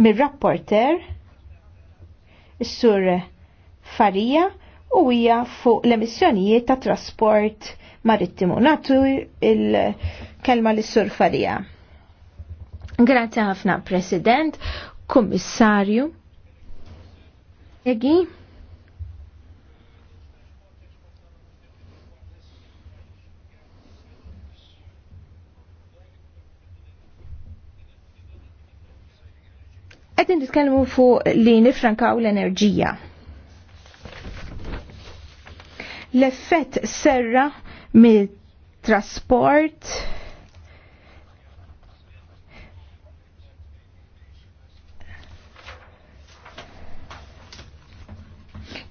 mir-rapporter is-sur Farija u hija fuq l-emissjonijiet ta' trasport marittimu. Natu il-kelma lis-sur Farija. Grazie ħafna, President, Kommissarju. Egi? Għedin nitkellmu fuq li nifrankaw l-enerġija. L-effett serra mill-trasport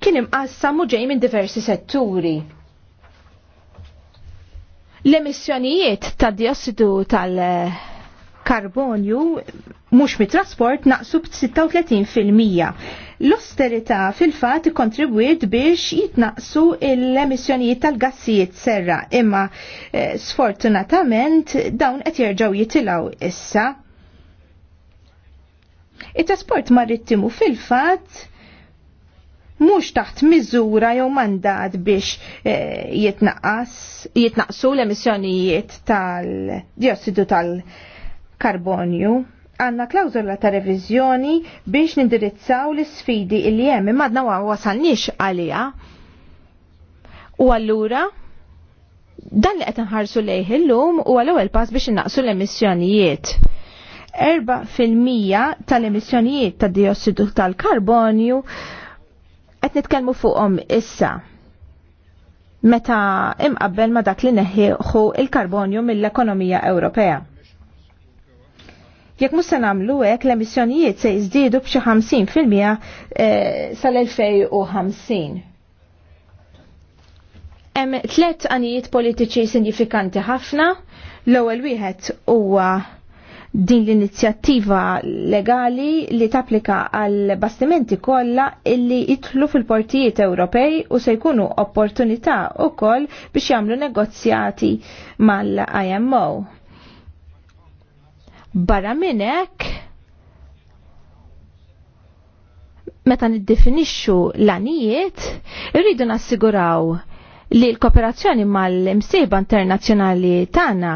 kien imqassam u ġej minn diversi setturi. L-emissjonijiet ta' diossidu tal- karbonju mhux mit-trasport naqsu b-36%. l osterità fil-fatt kontribwiet biex jitnaqsu l-emissjonijiet tal-gassijiet serra, imma eh, sfortunatament dawn qed jerġgħu jitilgħu issa. It-trasport marittimu fil-fatt mhux taħt miżura jew mandat biex eh, jitnaqqas, jitnaqsu l-emissjonijiet tal-diossidu tal-karbonju karbonju għanna klawzola ta' reviżjoni biex nindirizzaw l-sfidi il hemm imma għadna wasalniex għalija. U allura dan li qed lejħi l illum u għallu ewwel pass biex innaqsu l-emissjonijiet. 4% tal-emissjonijiet ta' diossidu tal-karbonju qed nitkellmu fuqhom issa meta imqabbel ma dak li neħħieħu il-karbonju mill-ekonomija Ewropea. Jekk mhux se nagħmlu hekk l-emissjonijiet se jiżdiedu b'xi 50 fil-mija eh, sal-2050. Hemm tliet għanijiet politiċi sinifikanti ħafna. L-ewwel wieħed huwa din l-inizjattiva legali li tapplika għal bastimenti kollha illi jidħlu fil-portijiet Ewropej u se jkunu opportunità wkoll biex jagħmlu negozjati mal-IMO. Barra minnek, meta niddefinixxu l-anijiet, irridu nassiguraw li l-kooperazzjoni mal-imsejba internazzjonali tagħna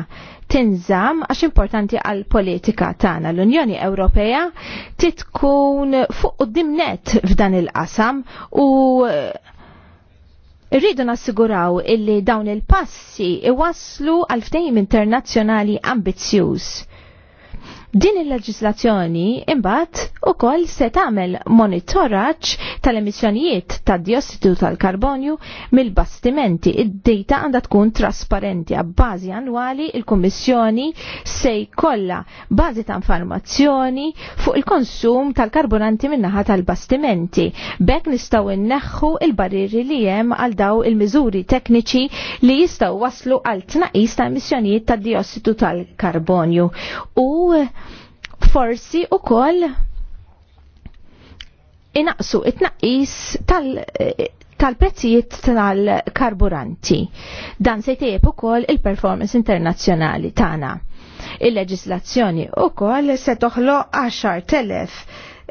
tinżam għax importanti għal politika tagħna l-Unjoni Ewropea titkun fuq u dimnet f'dan il-qasam u eh, rridu nassiguraw illi dawn il-passi iwaslu għal ftehim internazzjonali ambizzjuż Din il-leġislazzjoni imbagħad ukoll se tagħmel monitoraċ tal-emissjonijiet tad-diossidu tal-karbonju mill-bastimenti. Id-dejta għandha tkun trasparenti bazi annwali il-Kummissjoni se jkollha bażi ta' informazzjoni fuq il-konsum tal-karburanti min-naħa tal-bastimenti. Bek nistgħu inneħħu il-barriri li hemm għal daw il-miżuri tekniċi li jistgħu waslu għal tnaqis ta' emissjonijiet tad-diossidu tal-karbonju. U forsi u koll inaqsu it-naqis tal-prezzijiet tal tal-karburanti. Dan se jtejjeb ukoll il-performance internazzjonali tagħna. Il-leġislazzjoni ukoll se toħloq 10,000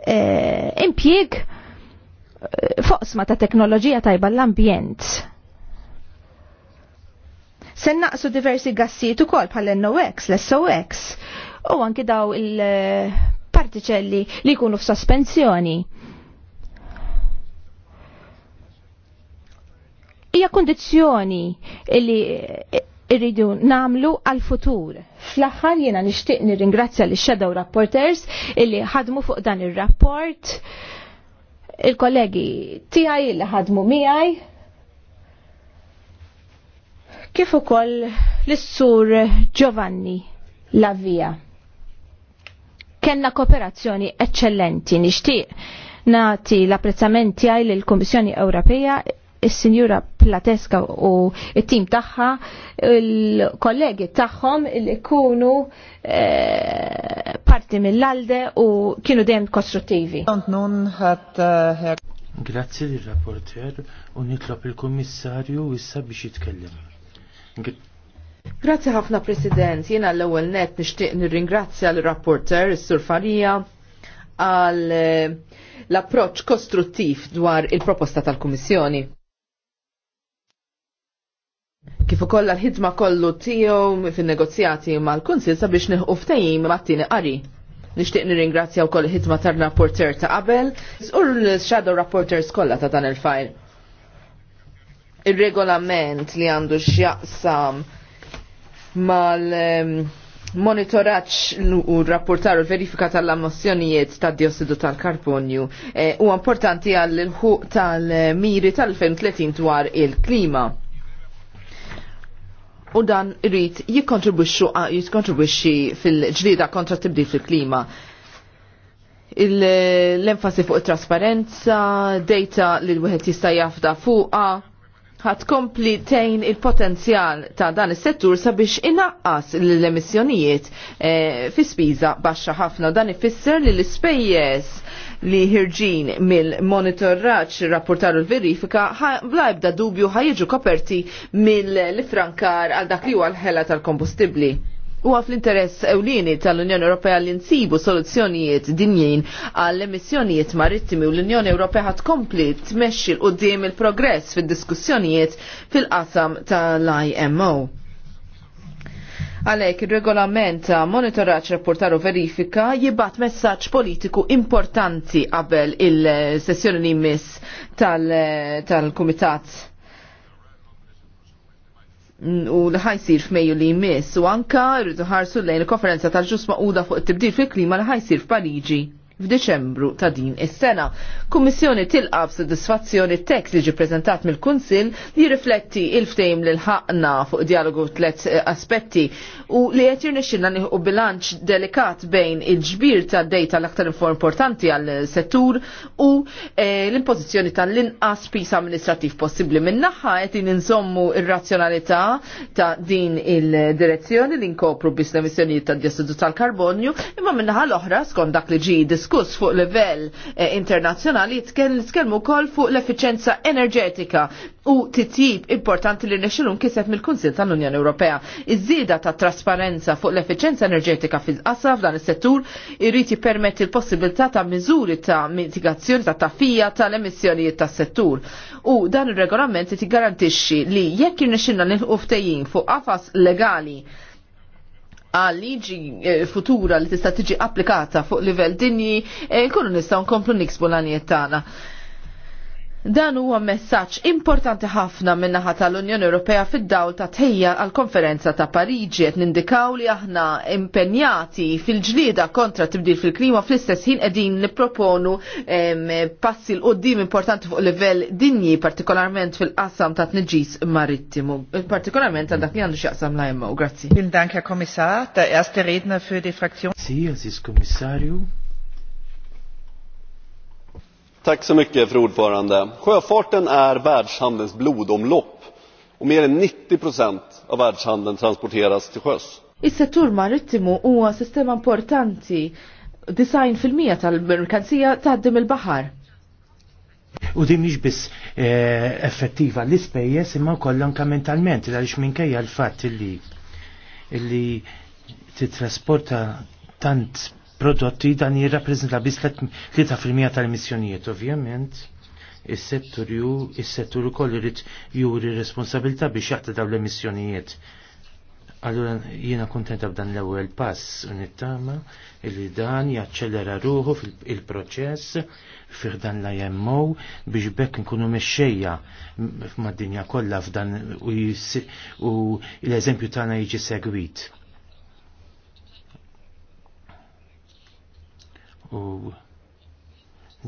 e, impjieg eh, foqsma ta' teknoloġija tajba l-ambjent. Se naqsu diversi gassijiet ukoll bħal NOx, l-SOx u anki daw il-partiċelli li jkunu f'sospensjoni. Hija kondizjoni li irridu namlu għal-futur. Fl-aħħar jiena nixtieq nirringrazzja li shadow Rapporters illi ħadmu fuq dan ir-rapport il kollegi tiegħi li ħadmu miegħi kif ukoll l-sur Giovanni Lavia kellna kooperazzjoni eccellenti nixtieq nati l-apprezzament tiegħi lill-Kummissjoni Ewropea is-Sinjura Plateska u t tim tagħha il-kollegi tagħhom li kunu eh, parti mill-alde u kienu dejjem kostruttivi. Äh, Grazzi lir rapporter u nitlob il-Kummissarju issa biex jitkellem. Grazzi ħafna President, Jiena l-ewwel net nixtieq nirringrazzja l-rapporter is-Sur Farija għal eh, l-approċċ kostruttiv dwar il-proposta tal-Kummissjoni. Kif ukoll l-ħidma kollu tiegħu fin-negozjati mal-Kunsil sabiex neħu ftehim mat-tieni qari. Nixtieq nirringrazzja wkoll ħidma tar-rapporter ta' qabel, u l-shadow rapporters kollha ta' dan il-fajl. Ir-regolament li għandu x'jaqsam mal monitoraċ u rapportar u verifika tal-ammozzjonijiet ta' diossidu tal-karbonju e, u importanti għall ħuq tal-miri tal-2030 dwar il-klima. U dan irrit jikkontribwixxi fil-ġlida kontra tibdil fil-klima l-enfasi fuq it trasparenza, data li l-wieħed jista' jafda fuqha, ħat kompli tejn il-potenzjal ta' dan is-settur sabiex inaqqas l-emissjonijiet e, fi spiża baxxa ħafna dan ifisser li l-ispejjeż li ħirġin mill-monitorraċ rapportar l-verifika bla dubju ħajġu koperti mill-ifrankar għal dak li huwa l-ħela tal-kombustibli. Huwa fl-interess ewlieni tal-Unjoni Ewropea li nsibu soluzzjonijiet dinjin għall emissjonijiet marittimi u l-Unjoni Ewropea għat kompli tmexxi l-qudiem il-progress fid-diskussjonijiet fil-qasam tal-IMO. Għalek, il-regolament ta' monitoraċ u verifika jibat messaċ politiku importanti qabel il-sessjoni li jmiss tal komitat tal, tal kumitat u li ħajsir f'Mejju li jmiss u anka rridu ħarsu lejn il-konferenza tal-ġus maquda fuq it-tibdil fil-klima li ħajsir f'Pariġi f'Diċembru ta' din is-sena. Kummissjoni tilqa b'sodisfazzjoni t-tekst li ġi prezentat mill-Kunsill li jirrifletti il-ftejm lil ħaqna fuq dialogu tlet eh, aspetti u li qed jirnexxilna nieħu bilanċ delikat bejn il-ġbir tad-dej l-aktar importanti għal settur u eh, l-impożizzjoni tal-inqas pis amministrativ possibbli. Min-naħa qed insommu ir-razzjonalità ta' din il-direzzjoni li nkopru bis l-emissjonijiet tad-diossidu tal-karbonju, imma minnaħa l-oħra skont dak li ġi diskuss fuq livell eh, internazzjonali jitkellmu wkoll fuq l efficienza enerġetika u titjib importanti li nexilun kisef mill-Kunsil tal-Unjoni Ewropea. Iż-żieda ta' trasparenza fuq l efficienza enerġetika fil qasaf f'dan is-settur irrid jippermetti l-possibilità ta' miżuri ta' mitigazzjoni ta' tafija tal-emissjonijiet tas-settur. U dan ir-regolament ti garantixxi li jekk irnexxilna nilħu ftejjin fuq qafas legali għal liġi eh, futura li tista' tiġi applikata fuq livell dinji, eh, nkunu nistgħu nkomplu niksbu l-għanijiet tagħna. Dan huwa messaġġ importanti ħafna minn naħa tal-Unjoni Ewropea fid-dawl ta' tħejja għall konferenza ta' Pariġi qed nindikaw li aħna impenjati fil-ġlieda kontra tibdil fil-klima fl-istess ħin qegħdin nipproponu passi l qoddim importanti fuq livell dinji partikolarment fil-qasam ta' tniġis marittimu, partikolarment ta' dak li għandu x'jaqsam la jemmu. Grazzi. Bil Dank, Herr Kommissar, der erste Redner für die Kommissarju. Tack så mycket, Fru ordförande. Sjöfarten är världshandelns blodomlopp och mer än 90 av världshandeln transporteras till sjöss. Is-settur marittimu huwa sistema importanti design fil-mija tal-merkanzija tgħaddim il-baħar. U din mhix biss eh, effettiva l-ispejjeż imma wkoll anke mentalment għaliex minkejja l-fatt li li titrasporta tant prodotti dan jirrappreżenta biss 3% tal-emissjonijiet ovvjament. Is-settur ju, is-settur ukoll irid juri responsabilità biex jaqta dawn l-emissjonijiet. Allura jiena kuntenta b'dan l-ewwel pass u nittama li dan jaċċelera ruħu fil-proċess fih dan l-IMO biex bekk nkunu mexxejja mad-dinja kollha f'dan u l-eżempju tagħna jiġi segwit u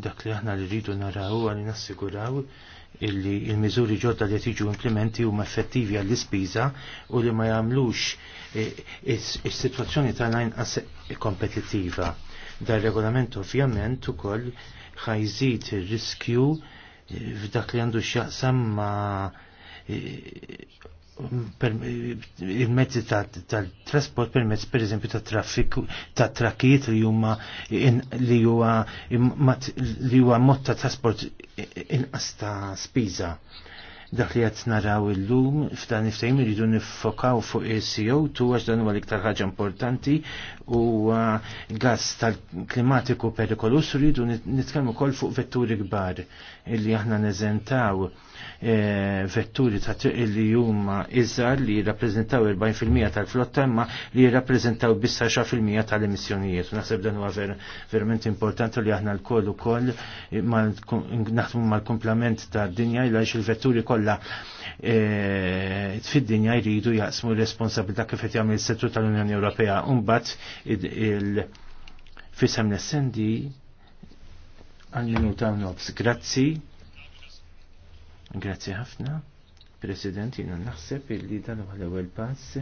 dak li aħna li rridu naraw għalli nassiguraw illi il-miżuri ġodda li tiġu implementi huma effettivi għall-ispiża u li ma jagħmlux e, e, is-sitwazzjoni tagħna inqas kompetittiva. Dar regolament ovvjament ukoll ħajżid ir-riskju e, f'dak li għandu x'jaqsam ma' il-mezzi tal-trasport permezz per eżempju ta' traffiku ta' trakkijiet li huma li huwa li huwa mod ta' trasport inqas ta' spiża. Dak li qed naraw illum f'dan iftehim iridu nifokaw fuq is-CO2 għax dan huwa l-iktar ħaġa importanti u gas tal-klimatiku perikolus rridu nitkellmu wkoll fuq vetturi kbar illi aħna neżentaw Eh, vetturi ta' li huma iżgħar li jirrappreżentaw 40% tal-flotta imma li jirrappreżentaw biss 10% tal-emissjonijiet. Naħseb dan huwa verament importanti li aħna l-koll ukoll eh, naħdmu mal-komplement ta' dinja il il-vetturi kollha eh, fid-dinja jridu jaqsmu responsabilità kif qed jagħmel is-settur tal-Unjoni Ewropea. Mbagħad il fisem l-essendi għal-minuta nofs. Grazzi Grazzi ħafna, President, jina naħseb illi dan huwa l-ewwel pass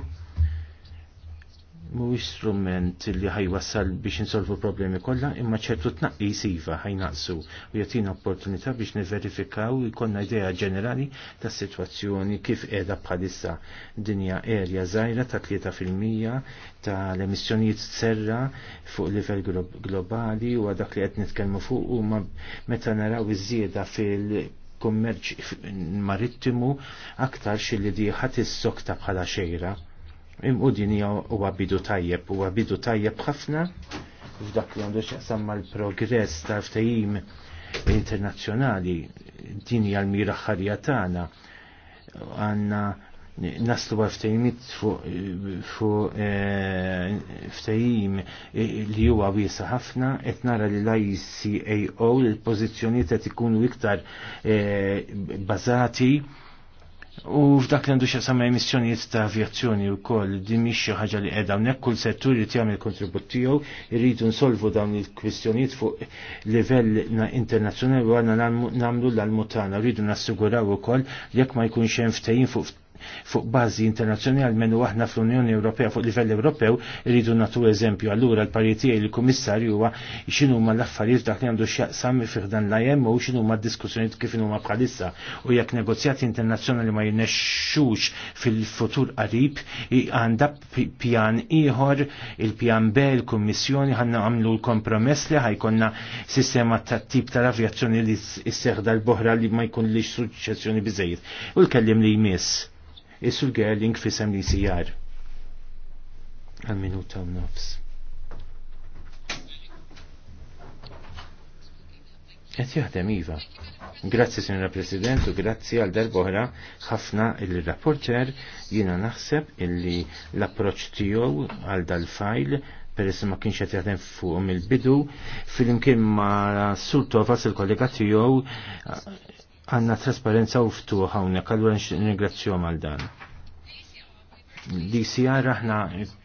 mhuwiex strument li ħajwassal biex insolvu problemi kollha, imma ċertu siva ħaj ħajnaqsu u jatina opportunità biex neverifikaw ikonna idea ġenerali tas-sitwazzjoni kif qiegħda bħalissa dinja erja żgħira ta' 3% tal-emissjonijiet serra fuq livell globali u dak li qed nitkellmu fuq huma meta naraw iż-żieda fil- kummerċ marittimu aktar xilli diħat is-sokta bħala xejra. Imqu din huwa bidu tajjeb, huwa bidu tajjeb ħafna f'dak li għandu xaqsam mal-progress ta' ftajim internazzjonali din hija l-mira ħarja tagħna naslu għaftajmit fu eh, ftajim li huwa wiesa ħafna qed nara li l-ICAO l-pożizzjonijiet qed ikunu iktar eh, bażati u f'dak li għandu sama emissjonijiet ta' avjazzjoni wkoll din mhix xi ħaġa li qiegħda hawnhekk kull settur li jagħmel kontribut tiegħu irridu nsolvu dawn il-kwistjonijiet fuq livell internazzjonali u għandna nagħmlu l-almutana rridu nassiguraw ukoll jekk ma jkunx hemm ftehim fuq fuq bażi internazzjonali menu aħna fl-Unjoni Ewropea fuq livell Ewropew irridu natu eżempju allura l-paritija il-Kummissarju huwa x'inhu ma l-affarijiet dak li għandu x'jaqsam dan l imo u x'inhu ma d-diskussjonijiet kif huma bħalissa u jekk negozjati internazzjonali ma jinnexxux fil-futur qarib għandha pjan ieħor il-pjan B il-Kummissjoni ħanna għamlu l-kompromess li ħajkonna sistema ta' tip tal-avjazzjoni li s-seħda l boħra li ma jkun li suċċessjoni bizzejiet. U l-kellim li jmiss Is-sur Gerling fisem li sijar. Għal minuta u nofs. Għet jaħdem iva. Grazzi Sinra President u grazzi għal darbohra ħafna il-rapporter jiena naħseb illi l-approċ tiegħu għal dal-fajl peress ma kienx qed jaħdem fuq mill-bidu fil-imkien ma Surtova il kollega tiegħu għanna trasparenza u ftuħ hawnhekk allura nirringrazzjahom għal dan. DCR aħna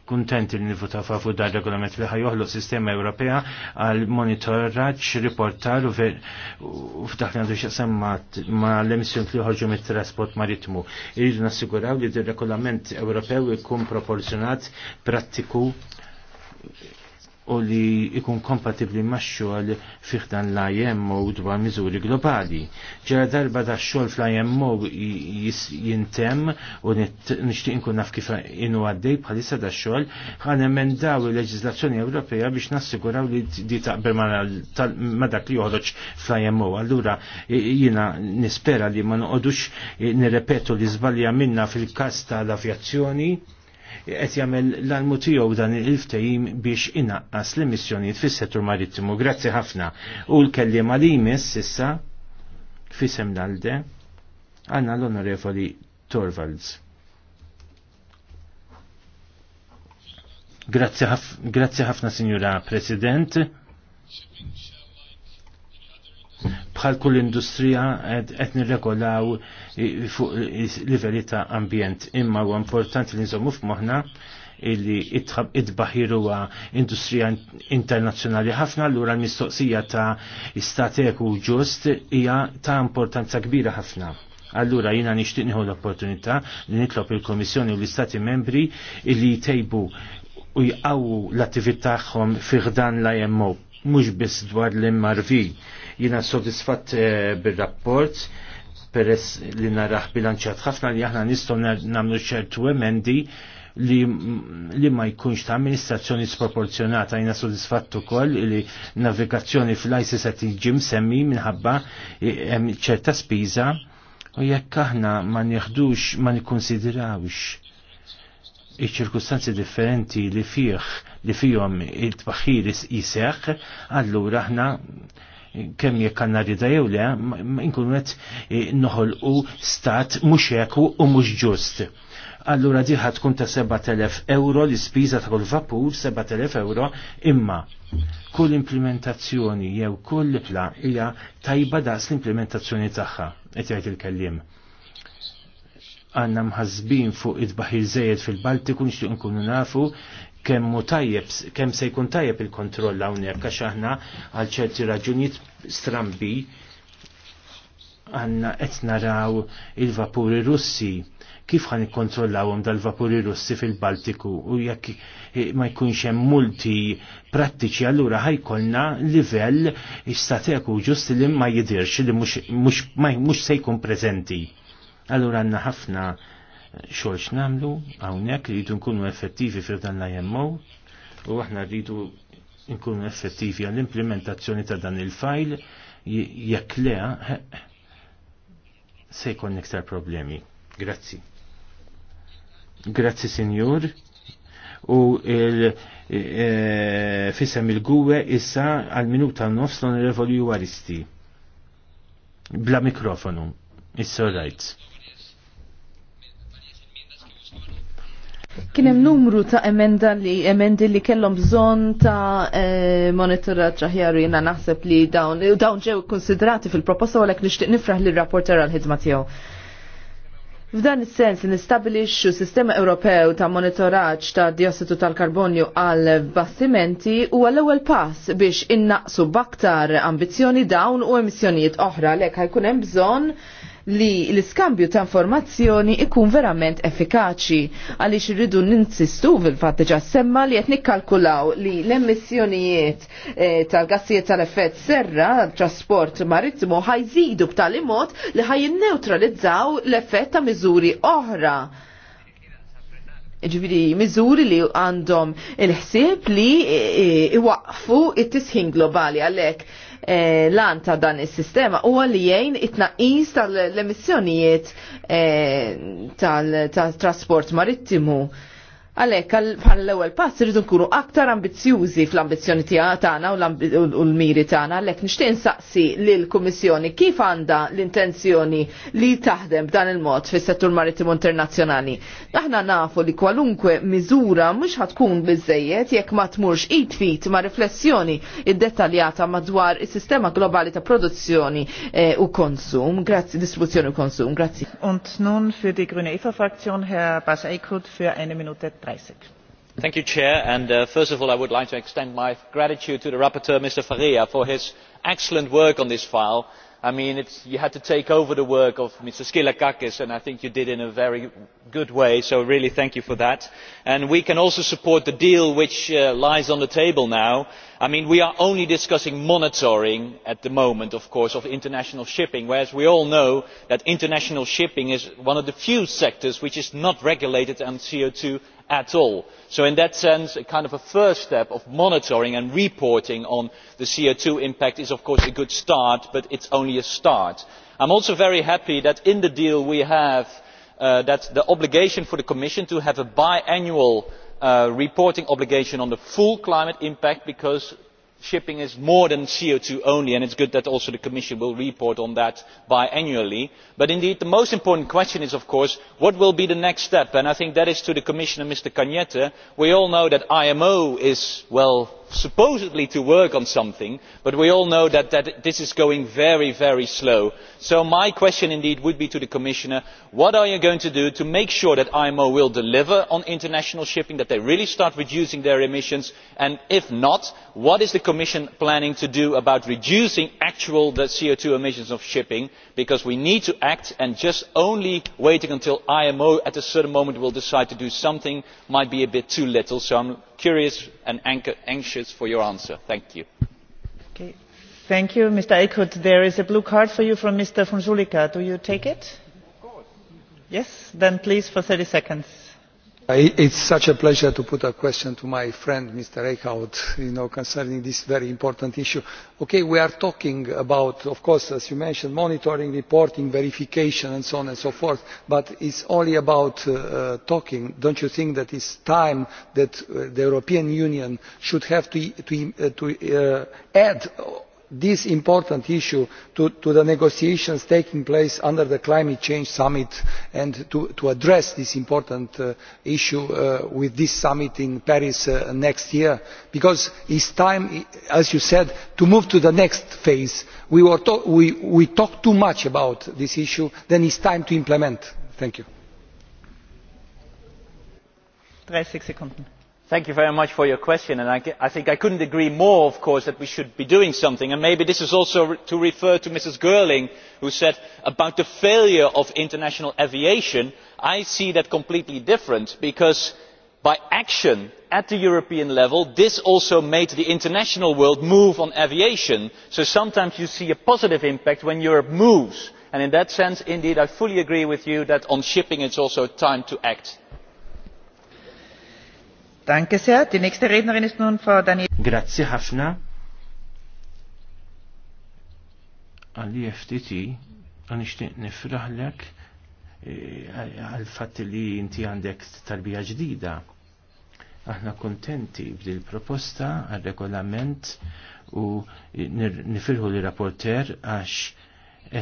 kontent il nivuta fafu dar regolament li ħajoħlu sistema Ewropea għal monitoraġġ, riportar u f'dak li għandu xaqsam ma l-emissjoni li ħorġu mit-trasport maritmu. Irridu nassiguraw li dir regolament Ewropew ikun proporzjonat prattiku u li ikun kompatibli max-xogħol fih dan l-IMO dwar miżuri globali. Ġara darba da xogħol fl-IMO jintem u nixtieq inkun naf kif inu għaddej bħalissa da xogħol għan emendaw il leġizlazzjoni Ewropea biex nassiguraw li di taqber ma dak li joħroġ fl-IMO. Allura jiena nispera li ma noqogħdux nirrepetu li żbalja minna fil-każ tal-avjazzjoni qed jagħmel l-almu tiegħu dan il-ftehim biex inaqqas l-emissjonijiet fis-settur marittimu. Grazzi ħafna. U l kellim għal imiss issa fisem l-alde għandna l-Onorevoli Torvalds. Grazzi ħafna, Signora President bħal kull industrija qed nirregolaw fuq livelli ta' ambjent. Imma huwa importanti li nżommu f'moħħna illi id-baħir huwa industrija internazzjonali ħafna, allura l-mistoqsija ta' istateku ġust hija ta' importanza kbira ħafna. Allura jina nixtieq nieħu l-opportunità li nitlob il-Komissjoni u l-Istati membri illi jtejbu u jqawwu l-attività tagħhom ħdan l-IMO mhux biss dwar l-MRV Jina sodisfatt eh, bil-rapport peress li naraħ bilanċat ħafna li aħna nistgħu nagħmlu ċertu emendi li, li ma jkunx ta' amministrazzjoni sproporzjonata jina soddisfattu ukoll li navigazzjoni fl-ISIS se tiġi semmi minħabba eh, ċerta spiża u jekk aħna ma nieħdux ma nikkonsidrawx iċ-ċirkustanzi differenti li fih li fihom il-tbaħħir jiseħ, allura aħna kemm jekk għandna rida jew le, inkunu qed eh, noħolqu stat mhux eku u mhux ġust. Allura di tkun ta' 7000 euro l-ispiża ta' kull vapur 7000 euro imma kull implementazzjoni jew kull pla hija tajba daqs l-implementazzjoni tagħha qed jgħid il-kellim għanna mħazbin fuq id-baħir zejed fil-Baltiku nixtieq nkunu nafu kemm tajjeb, kemm se jkun tajjeb il-kontroll hawnhekk għax aħna għal ċerti raġunijiet strambi għanna qed naraw il-vapuri Russi kif ħan ikkontrollawhom dal-vapuri Russi fil-Baltiku u jekk ma jkunx hemm multi prattiċi allura ħajkolna livell istateku ġust li ma jidirx li mhux se jkun preżenti. Allura għandna ħafna Xorx namlu, hawnhekk li jridu nkunu effettivi fir dan l-IMO u aħna rridu nkunu effettivi għall-implementazzjoni ta' dan il-fajl jekk lea se jkun iktar problemi. Grazzi. Grazzi Sinjur. U il e, e, fissem il-gwe issa għal-minuta nofs l-onorevoli Juaristi. Bla mikrofonu. It's rajt. Kien hemm numru ta' emenda li emendi li kellhom bżonn ta' e, monitoraġġ aħjar jiena naħseb li dawn dawn ġew konsidrati fil-proposta għalhekk nixtieq nifraħ lir rapporter għall-ħidma tiegħu. F'dan is-sens nistabilixxu sistema Ewropew ta' monitoraġġ ta' diossidu tal-karbonju għal bastimenti u għall-ewwel pass biex innaqsu baktar ambizzjoni dawn u emissjonijiet oħra lek ħajkun hemm bżonn li l-iskambju ta' informazzjoni ikun verament effikaċi għaliex irridu ninsistu fil-fatt ġa semma li qed nikkalkulaw li l-emissjonijiet eh, tal-gassijiet tal-effett serra trasport marittimu ħajżidu b'tali mod li ħajinneutralizzaw l-effett ta' miżuri oħra ġviri miżuri li għandhom il-ħsieb li eh, iwaqfu it-tisħin globali għalek Eh, lan ta' dan is-sistema huwa li jgħin it-tnaqqis tal-emissjonijiet eh, tal-trasport marittimu. Għalek, għal l-ewel pass rridu nkunu aktar ambizjużi fl-ambizjoni tagħna u l-miri tagħna, għalek nixtieq insaqsi lil kummissjoni kif għandha l-intenzjoni li taħdem b'dan il-mod fis-settur marittimu internazzjonali. Aħna nafu li kwalunkwe miżura mhux ħadkun biżejjed jekk ma tmurx it fit ma' riflessjoni iddettaljata madwar is-sistema globali ta' produzzjoni eh, u konsum, grazzi distribuzzjoni u konsum, grazzi. Und nun für die Grüne Eva-Fraktion Herr Bas Eickhout für eine Minute Mr President, uh, first of all, I would like to extend my gratitude to the rapporteur, Mr. Faria, for his excellent work on this file. I mean, you had to take over the work of Mr. Skilakakis, and I think you did in a very good way so really thank you for that and we can also support the deal which uh, lies on the table now. i mean we are only discussing monitoring at the moment of course of international shipping whereas we all know that international shipping is one of the few sectors which is not regulated on co two at all so in that sense a kind of a first step of monitoring and reporting on the co two impact is of course a good start but it is only a start. i am also very happy that in the deal we have Uh, that the obligation for the commission to have a biannual uh, reporting obligation on the full climate impact because shipping is more than co two only and it is good that also the commission will report on that biannually but indeed the most important question is of course what will be the next step and i think that is to the commission and mr arias caete we all know that imo is well supposedly to work on something but we all know that, this is going very very slowly. so my question indeed would be to the commissioner what are you going to do to make sure that imo will deliver on international shipping that they really start reducing their emissions and if not what is the commission planning to do about reducing the actual co two emissions of shipping because we need to act and just only waiting until imo at a certain moment decides to do something might be a bit too little so i curious and anxious for your answer. Thank you. Okay. Thank you, Mr. Eickhout. There is a blue card for you from Mr. Funzulika. Do you take it? Of course. Yes, then please for 30 seconds. It's such a pleasure to put a question to my friend, Mr. Eichhout, you know, concerning this very important issue. Okay, we are talking about, of course, as you mentioned, monitoring, reporting, verification, and so on and so forth, but it's only about uh, uh talking. Don't you think that it's time that uh, the European Union should have to, to, uh, to uh, add this important issue to, to the negotiations taking place under the climate change summit and to, to address this important uh, issue uh, with this summit in Paris uh, next year because it's time, as you said, to move to the next phase. We, were to we, we talk too much about this issue, then it's time to implement. Thank you. 30 Thank you very much for your question, and I, I think I couldn't agree more, of course, that we should be doing something. And maybe this is also re to refer to Mrs. Girling, who said about the failure of international aviation. I see that completely different, because by action at the European level, this also made the international world move on aviation. So sometimes you see a positive impact when Europe moves. And in that sense, indeed, I fully agree with you that on shipping it's also time to act. Danke sehr. Die nächste Rednerin ist nun Frau Daniel. Grazie ħafna. Għalli FTT, għan ixtiq nifraħlek e, għal-fat li inti għandek tarbija ġdida. Aħna kontenti b'dil proposta għal-regolament u nifirħu li rapporter għax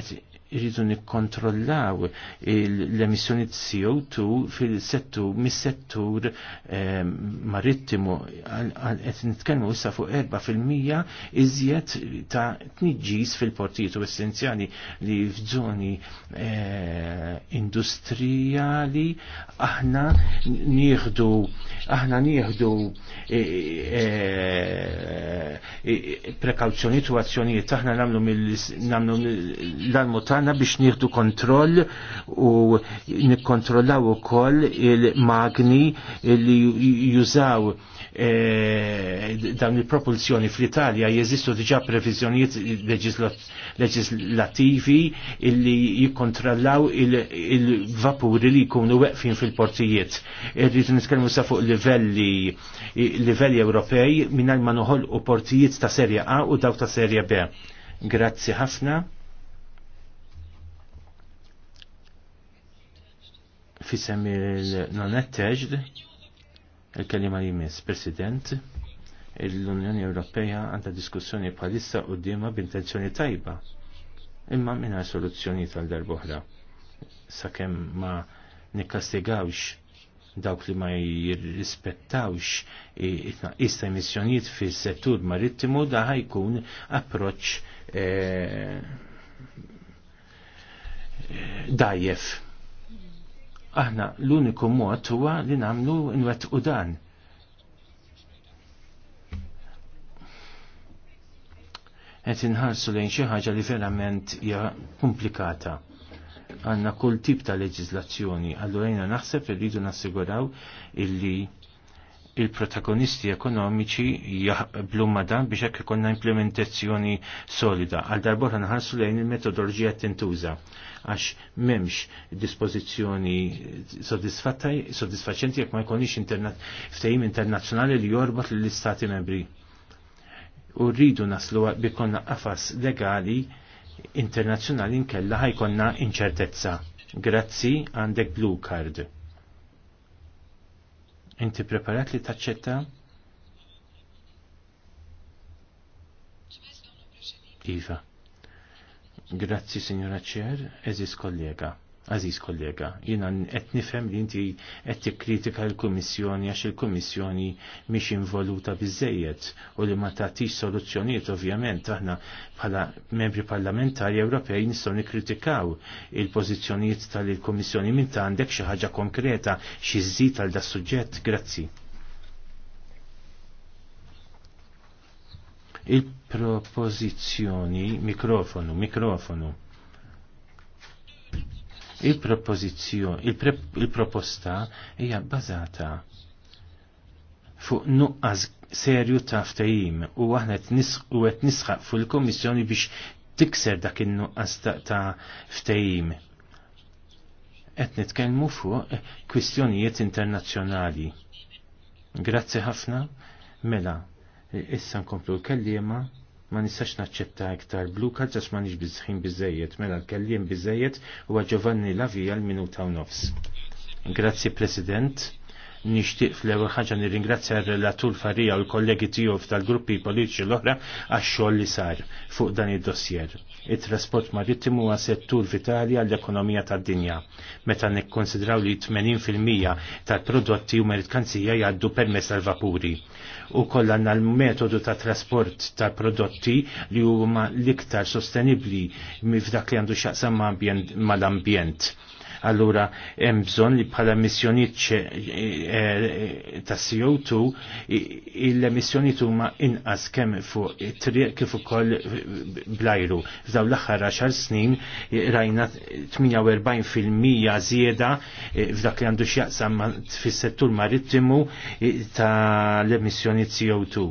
irridu nikkontrollaw l-emissjoni CO2 fil-settur mis-settur ehm, marittimu qed nitkellmu issa fuq 4% iżjed ta' tniġġis fil-portijiet u essenzjali li f'żoni eh, industrijali aħna nieħdu aħna nieħdu e, e, e, prekawzjonijiet u azzjonijiet aħna nagħmlu mill l tagħna biex nieħdu kontroll u nikkontrollaw ukoll il-magni li jużaw eh, dawn il-propulsjoni fl-Italja jeżistu diġà previżjonijiet leġislattivi illi jikkontrollaw il-vapuri li jkunu weqfin fil-portijiet. Irrid nitkellmu sa fuq livelli livelli Ewropej mingħajr ma noħolqu portijiet ta' serja A u dawk ta' serja B. Grazzi ħafna. fisem il-non-attached, il-kelima jimis jmiss President, l-Unjoni Ewropea għandha diskussjoni bħalissa u dima b'intenzjoni tajba, imma minna soluzzjoni tal-darbohra. Sakemm ma nikkastigawx dawk li ma jirrispettawx it-naqis emissjonijiet fis-settur marittimu da ħajkun approċċ eh, eh, dajjef Aħna l-uniku mod huwa li nagħmlu nwettqu dan. Qed inħarsu lejn xi ħaġa li verament hija komplikata għanna kull tip ta' leġizlazzjoni, għallurajna naħseb rridu nassiguraw illi il-protagonisti ekonomiċi jaqblu ma dan biex hekk ikollna implementazzjoni solida. Għal darbora nħarsu lejn il-metodoloġija tintuża għax memx dispożizzjoni soddisfaċenti jekk ma jkunix ftehim internazzjonali li jorbot lill-istati membri. U rridu naslu konna qafas legali internazzjonali nkella ħajkonna inċertezza. Grazzi għandek blue card. Inti preparat li taċċetta? Iva. Grazzi, Signora Ċer, eżis kollega. Aziz kollega, jina qed nifhem li inti qed tikkritika l-Kummissjoni għax il-Kummissjoni mhix involuta biżejjed u li ma tagħtix soluzzjonijiet ovvjament aħna bħala membri parlamentari Ewropej nistgħu nikkritikaw il-pożizzjonijiet tal-Kummissjoni minn ta' għandek xi ħaġa konkreta xi żżid għal da' suġġett. Grazzi. il-propozizjoni, mikrofonu, mikrofonu. Il-propozizjoni, il-proposta il hija bazata fuq nuqqas serju ta' ftehim u aħna qed nisħaq fuq il-Kommissjoni biex tikser dak in-nuqqas ta' ftehim. Qed nitkellmu fuq kwistjonijiet internazzjonali. Grazzi ħafna, mela issa nkomplu l-kellima ma nistax naċċetta iktar blu card ma nix bizzħin bizzejiet, mela l-kellim bizzejiet huwa Giovanni Lavija l-minuta u nofs. Grazzi President nixtieq fl-ewwel ħaġa nirringrazzja r-relatur Farija u l-kollegi tiegħu tal-gruppi politiċi l-oħra għax-xogħol li sar fuq dan id-dossier. It-trasport marittimu huwa settur vitali għall-ekonomija tad-dinja. Meta nikkonsidraw li 80% tal-prodotti u merkanzija jgħaddu permess tal-vapuri. U kollan l-metodu ta' trasport tal-prodotti li huma l-iktar sostenibbli f'dak li għandu xaqsam mal-ambjent Allura hemm bżonn li bħala emissjonijiet eh, eh, ta' CO2 l-emissjonijiet huma inqas kemm fuq it-triq kif ukoll blajru. F'dawn l-aħħar 10 snin rajna 48% żieda eh, f'dak li għandu x'jaqsam fis-settur marittimu tal-emissjonijiet CO2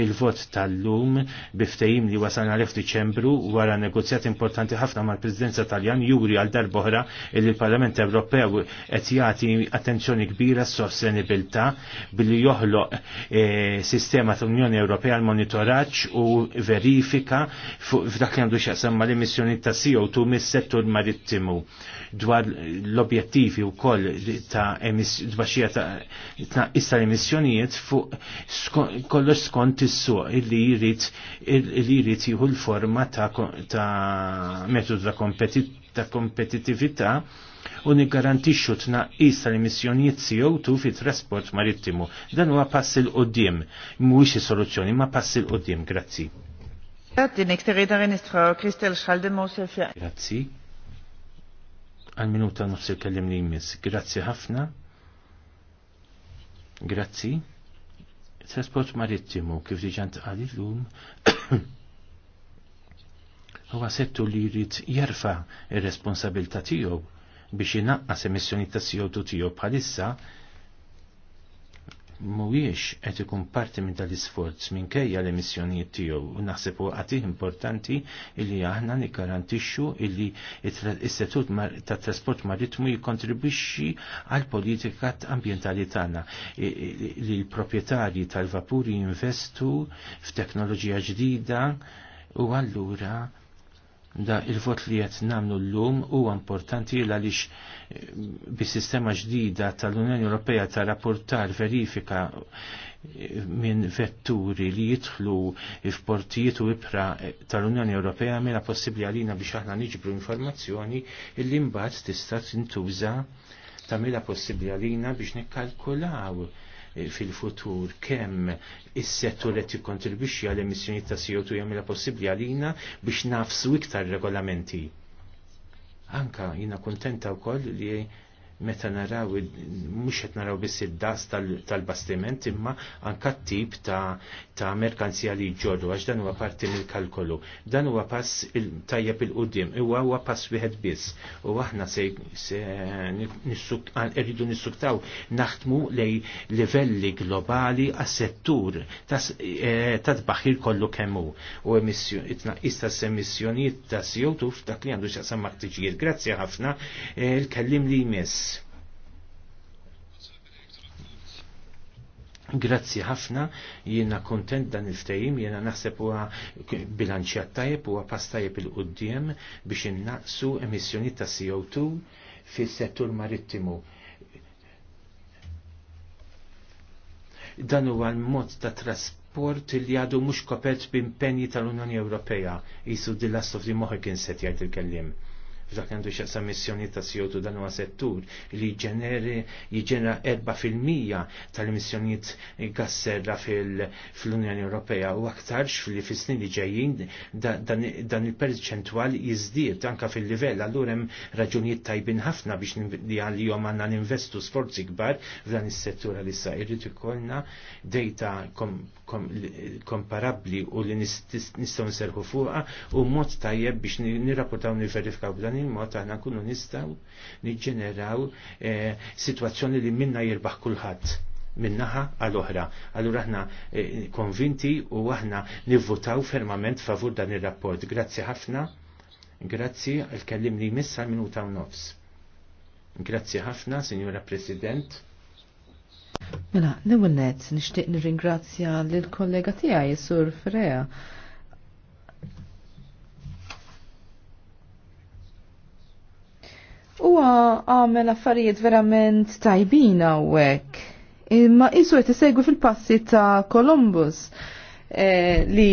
il-vot tal-lum biftejim li wasan għalif Diċembru wara negozjat importanti ħafna mal-Presidenza Taljan juri għal darboħra il parlament Ewropew qed jagħti attenzjoni kbira s-sostenibilità billi joħloq eh, sistema tal-Unjoni Ewropea għal monitoraġġ u verifika f'dak li għandu x'jaqsam mal-emissjoni ta' CO2 mis-settur marittimu dwar l-objettivi u koll ta' dbaxija ta' issa tal emissjonijiet fuq kollox skont tissu illi jrid illi jrid jihu l-forma ta', ta metodu ta' kompetit ta' kompetitività u niggarantixxu tnaqqis tal-emissjonijiet CO2 fit trasport marittimu. Dan huwa pass il qoddim mhuwiex is-soluzzjoni, ma pass il qoddim grazzi. Grazzi. Għal-minuta nofs l kellim li jmiss. Grazzi ħafna. Grazzi. Trasport marittimu kif diġant għalillum huwa settu li jrid jerfa' ir-responsabilità tiegħu biex inaqqas emissjoni ta' CO2 tiegħu bħalissa mhuwiex qed ikun parti minn tal-isforz minkejja l-emissjonijiet tiegħu u naħseb u qati importanti illi aħna nikkarantixxu illi is setut tat-trasport maritmu jikkontribwixxi għal politika ambjentali tagħna li l-proprjetarji tal-vapuri jinvestu f'teknoloġija ġdida u allura da il-vot li qed nagħmlu llum huwa importanti għaliex eh, bis-sistema ġdida tal-Unjoni Ewropea ta' rapportar verifika eh, minn vetturi li jidħlu f'portijiet u ibra eh, tal-Unjoni Ewropea mela possibbli għalina biex aħna niġbru informazzjoni illi mbagħad tista' tintuża tagħmilha possibbli għalina biex nikkalkulaw fil-futur kemm is-settur qed jikkontribwixxi għal emissjoni ta' CO2 jagħmilha possibbli għalina biex nafsu iktar regolamenti. Anka jina kontenta wkoll li meta naraw, mux qed naraw biss id-das tal-bastiment tal imma anka tip ta', ta merkanzija li ġodu, għax dan huwa parti mill-kalkolu. Dan huwa pass tajjeb il-qudiem, huwa huwa pass wieħed biss. U aħna se, se irridu nissuktaw naħdmu lej livelli globali għas-settur ta' e, tbaħir kollu kemmu u istas tnaqqis emissjonijiet ta' CO2 f'dak li għandu xaqsam maqtiġijiet. Grazzi ħafna il-kellim e, li jmiss. Grazzi ħafna, jiena kontent dan il-ftejim, jiena naħseb huwa bilanċjat tajjeb huwa pass tajjeb il qoddim biex innaqsu emissjoni ta' CO2 fis-settur marittimu. Dan huwa l-mod ta' trasport li għadu mhux kopert b'impenji tal-Unjoni Ewropea, jisu di last of the Mohicans set jgħid il-kellim dak għandu xaqsa missjoni ta' CO2 dan huwa settur li jiġenera 4% tal-emissjonijiet serra fil-Unjoni Ewropea u aktarx fil fis-snin li ġejjin dan il-perċentwal jiżdied anka fil-livell allura hemm raġunijiet tajbin ħafna biex li għalihom għandna ninvestu sforzi kbar f'dan is-settur għalissa irrid ikollna dejta komparabbli u li nistgħu nserħu fuqha u mod tajjeb biex nirrapportaw niverifikaw dan il-mod aħna kunu nistaw niġġeneraw eh, sitwazzjoni li minna jirbaħ kulħadd minnaħa għal-oħra. Allura aħna eh, konvinti u aħna nivvotaw fermament favur dan ir-rapport. Grazzi ħafna. Grazzi għal-kellim li missa minuta u nofs. Grazzi ħafna, Signora President. Mela, l-ewwel nett nixtieq nirringrazzja lill kollega tiegħi Sur Freja Huwa għamel affarijiet verament u hekk, Imma isu għet fil-passi ta' Columbus eh, li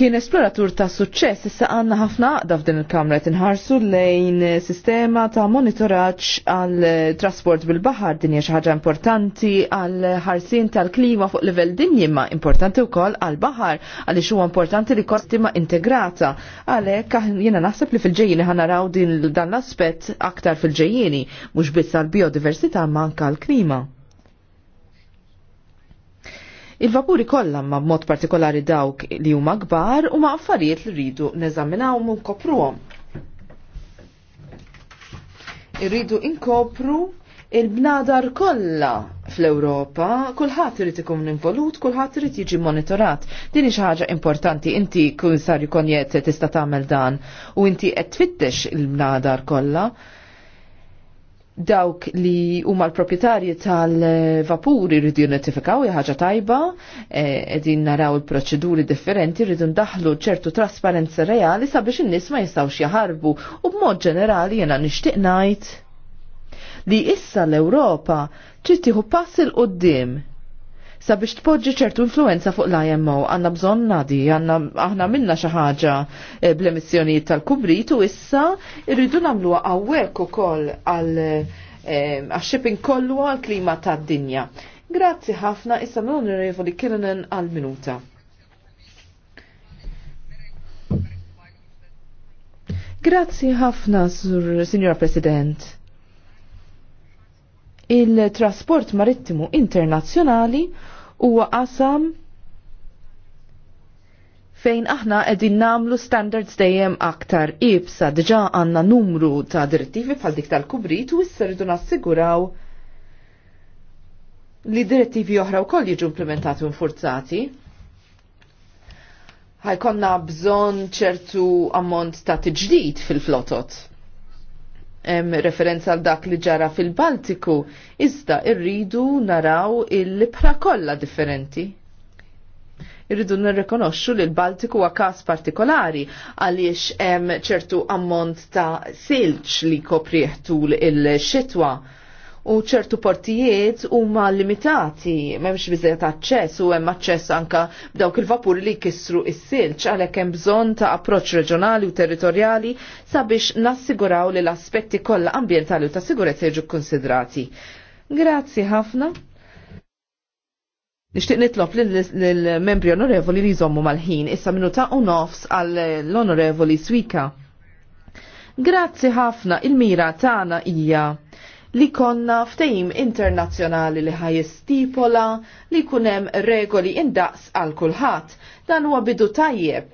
kien esploratur ta' suċċess issa għanna ħafna għaqda f'din il-kamra tinħarsu lejn sistema ta' monitoraġġ għal trasport bil-baħar din hija xi ħaġa importanti għal ħarsien tal-klima fuq livell dinji ma importanti wkoll għal baħar għaliex huwa importanti li kostima integrata għalhekk jiena naħseb li fil-ġejjini ħanaraw din dan l-aspett aktar fil-ġejjini mhux biss għall biodiversità manka għall klima. Il-vapuri kollha ma b'mod partikolari dawk li huma kbar u ma' affarijiet li rridu neżaminaw u nkopruhom. Irridu inkopru il-bnadar kollha fl-Ewropa, kulħadd irid ikun involut, kulħadd irid jiġi monitorat. Din hi xi ħaġa importanti, inti jkun konjet tista' tagħmel dan u inti qed tfittex il-bnadar kollha dawk li huma l-proprjetarji tal-vapuri rridu notifikaw ħaġa tajba, eh, qegħdin naraw il-proċeduri differenti rridu ndaħlu ċertu trasparenza reali sabiex in-nies ma jistgħux jaħarbu u b'mod ġenerali jiena nixtieq ngħid li issa l-Ewropa trid tieħu pass il qudiem sabiex tpoġġi ċertu influenza fuq l-IMO. Għanna bżon nadi, għanna aħna minna xaħġa eh, bl-emissjonijiet tal-kubrit u issa irridu namlu għawek u koll għal eh, għax-shipping kollu għal-klima tad-dinja. Grazzi ħafna, issa mill-onorevoli Kirinen għal-minuta. Grazzi ħafna, Signora President il-trasport marittimu internazzjonali huwa qasam fejn aħna qegħdin namlu standards dejjem aktar ibsa diġà għandna numru ta' direttivi bħal dik tal-kubrit u issa rridu nassiguraw li direttivi oħra wkoll jiġu implementati u nfurzati ħajkonna bżon ċertu ammont ta' tġdid fil-flotot em, referenza għal dak li ġara fil-Baltiku, iżda irridu naraw il libra kollha differenti. Irridu nirrekonoxxu li l-Baltiku huwa każ partikolari għaliex hemm ċertu ammont ta' silġ li koprieħtu il-xitwa. il xitwa u ċertu portijiet huma limitati, m'hemmx biżejjed aċċess u hemm aċċess anka b'dawk il-vapuri li jkissru s-silġ għalhekk hemm bżonn ta' approċċ reġjonali u territorjali sabiex nassiguraw li l-aspetti kollha ambjentali u ta' sigurezza jiġu konsidrati. Grazzi ħafna. Nishtiq nitlob lill-membri onorevoli li jżommu mal-ħin issa minuta u nofs għall-onorevoli Swika. Grazzi ħafna, il-mira tagħna hija li konna ftejim internazzjonali li ħajestipola li kunem regoli indaqs għal kulħadd. Dan huwa bidu tajjeb.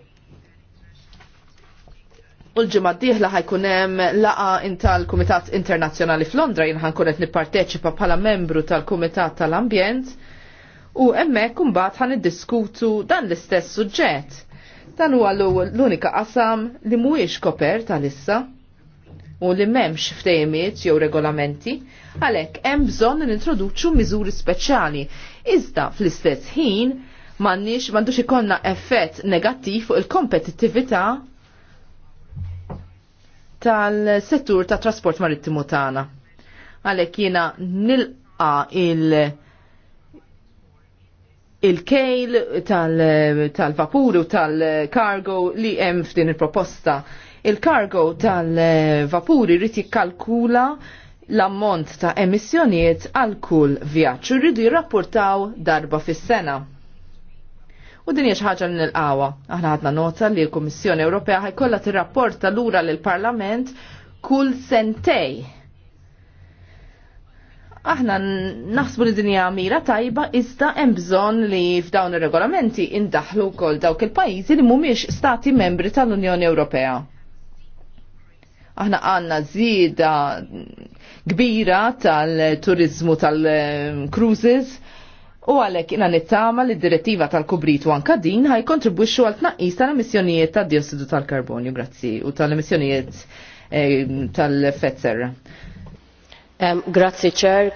U l-ġimgħa d-dieħla ħajkunem laqa tal-Kumitat Internazzjonali f'Londra jien ħankun qed nipparteċipa bħala membru tal-Kumitat tal-Ambjent u hemmhekk imbagħad ħan iddiskutu dan l-istess suġġett. Dan huwa l-unika qasam li mhuwiex koperta għalissa. issa u li memx ftejmiet jew regolamenti, għalek hemm bżonn nintroduċu miżuri speċjali. Iżda fl-istess ħin m'għandniex m'għandux ikollna effett negattiv fuq il-kompetittività tal-settur ta' trasport marittimu tagħna. Għalhekk jiena nilqa il- il-kejl tal-vapuru tal vapuru tal kargo li hemm f'din il-proposta Il-kargo tal-vapuri rrit jikkalkula l-ammont ta' emissjonijiet għal kull vjaġġ u rridu jirrapportaw darba fis-sena u din hija ħaġa li nilqawha. Aħna ħadna nota li l-Kummissjoni Ewropea ħajkollha tirrapporta lura lill parlament kull sentej. Aħna naħsbu li din hija mira tajba iżda hemm bżonn li f'dawn ir-regolamenti indaħlu wkoll dawk il-pajjiżi li mhumiex stati membri tal-Unjoni Ewropea aħna għanna zida kbira tal-turizmu tal-cruises u għalek inna nittama li direttiva tal-kubritu anka din ħaj kontribwixxu għal tnaqqis tal-emissjonijiet tal diossidu tal-karbonju, grazzi, u tal-emissjonijiet eh, tal-fetzer. grazzi, ċer,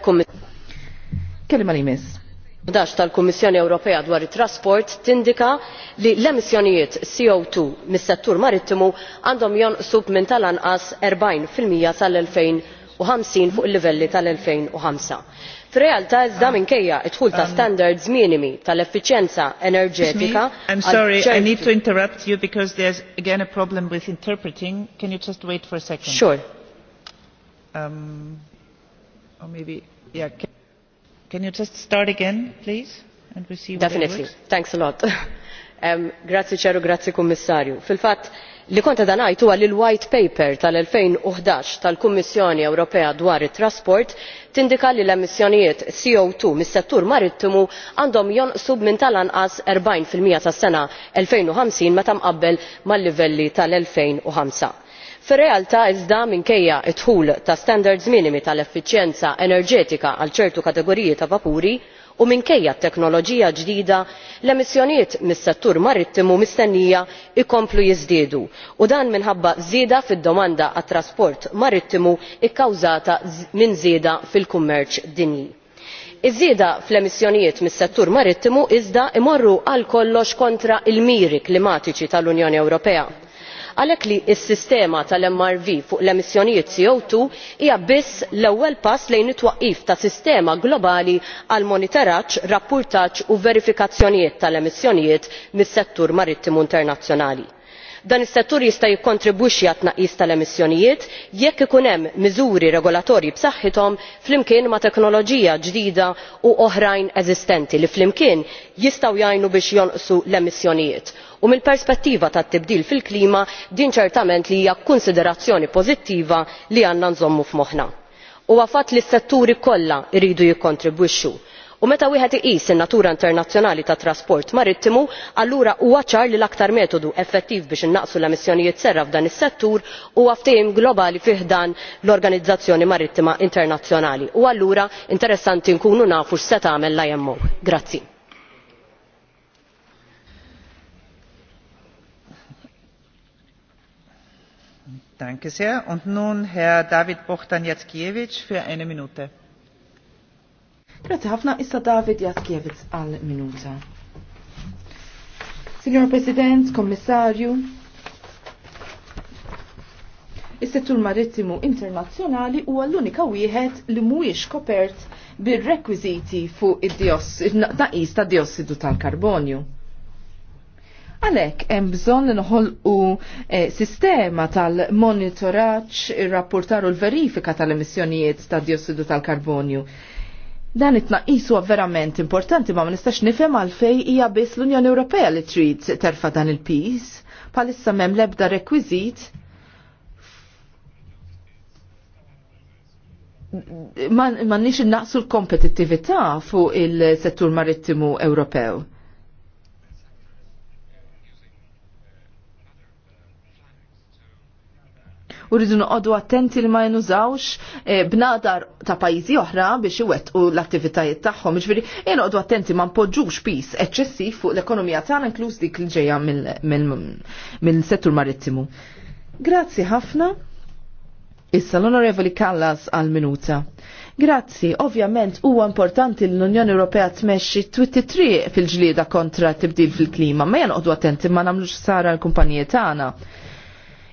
Kelima li miss. 2011 tal-Kummissjoni Ewropea dwar it-trasport tindika li l-emissjonijiet CO2 mis-settur marittimu għandhom jonqsu minn tal-anqas 40% sal-2050 fuq il-livelli tal-2005. Fir-realtà iżda minkejja t-dħul ta' um, standards minimi tal-effiċjenza enerġetika I'm sorry, I need to interrupt you because there's again a problem with interpreting. Can you just wait for a second? Sure. Um, or maybe, yeah. Can Can you just start again, please? And we see Definitely. Thanks a lot. Um, grazie ċeru, grazie kummissarju. Fil-fat, li konta da għajtu għal il-White Paper tal-2011 tal-Kummissjoni Ewropea dwar it-trasport tindika li l-emissjonijiet CO2 mis-settur marittimu għandhom jonqsu minn tal-anqas 40% tas-sena 2050 meta mqabbel mal-livelli tal-2005 fir-realtà iżda minkejja d dħul ta' standards minimi tal effiċjenza enerġetika għal ċertu kategoriji ta' vapuri u minkejja t teknoloġija ġdida l-emissjonijiet mis-settur marittimu mistennija jkomplu jiżdiedu u dan minħabba żieda fid-domanda għat trasport marittimu kkawżata minn żieda fil-kummerċ dinji. iż-żieda fl-emissjonijiet mis-settur marittimu iżda imorru għal kollox kontra l miri klimatiċi tal unjoni ewropea għalhekk li s-sistema tal-mrv fuq l-emissjonijiet co 2 hija biss l-ewwel pass lejn it-twaqqif ta' sistema globali għal monitoraġġ rappurtaġġ u verifikazzjonijiet tal-emissjonijiet mis-settur marittimu internazzjonali. dan is-settur jista' jikkontribwixxi għat tnaqqis tal-emissjonijiet jekk ikun hemm miżuri regolatorji b'saħħithom flimkien ma' teknoloġija ġdida u oħrajn eżistenti li flimkien jistgħu jgħinu biex jonqsu l emissjonijiet u mill perspettiva tat tibdil fil klima din ċertament li hija konsiderazzjoni pożittiva li għandna nżommu f'moħħna. huwa fatt li s-setturi kollha jridu jikkontribwixxu u meta wieħed iqis in-natura internazzjonali tat-trasport marittimu allura huwa ċar li l-aktar metodu effettiv biex innaqsu l-emissjonijiet serra f'dan is-settur huwa ftehim globali fih dan l-organizzazzjoni marittima internazzjonali u allura interessanti nkunu nafu x'se tagħmel l imo. Danke sehr. Und nun Herr David Bochtan Jackiewicz für eine Minute. Grazie ħafna issa David Jackiewicz għal minuta. Signor President, Kommissarju, Is-settur marittimu internazzjonali huwa l-unika wieħed li mhuwiex kopert bir-rekwiżiti fuq id-dios, naqis ta' diossidu tal-karbonju. Għalek, hemm bżonn nħolqu eh, sistema tal-monitoraġġ, ir-rapportar u l-verifika tal-emissjonijiet ta' diossidu tal-karbonju. Dan it-tnaqqis huwa verament importanti ma ma nistax nifhem għalfej hija biss l-Unjoni Ewropea li trid terfa dan il-pis bħalissa m'hemm l-ebda rekwiżit ma nix innaqsu l kompetittivita fuq il-settur marittimu Ewropew. u rridu noqogħdu attenti li ma jnużawx eh, bnadar ta' pajjiżi oħra biex iwettqu l-attivitajiet tagħhom. Jiġifieri jenoqgħdu attenti ma npoġġux pis eċċessiv fuq l-ekonomija tagħna inkluż dik li ġejja mill-settur marittimu. Grazzi ħafna. Issa l-Onorevoli Kallas għal-minuta. Grazzi, ovvjament huwa importanti l-Unjoni Ewropea tmexxi twitti tri fil-ġlieda kontra tibdil fil-klima, ma janoqdu attenti ma nagħmlux sara l-kumpaniji tagħna.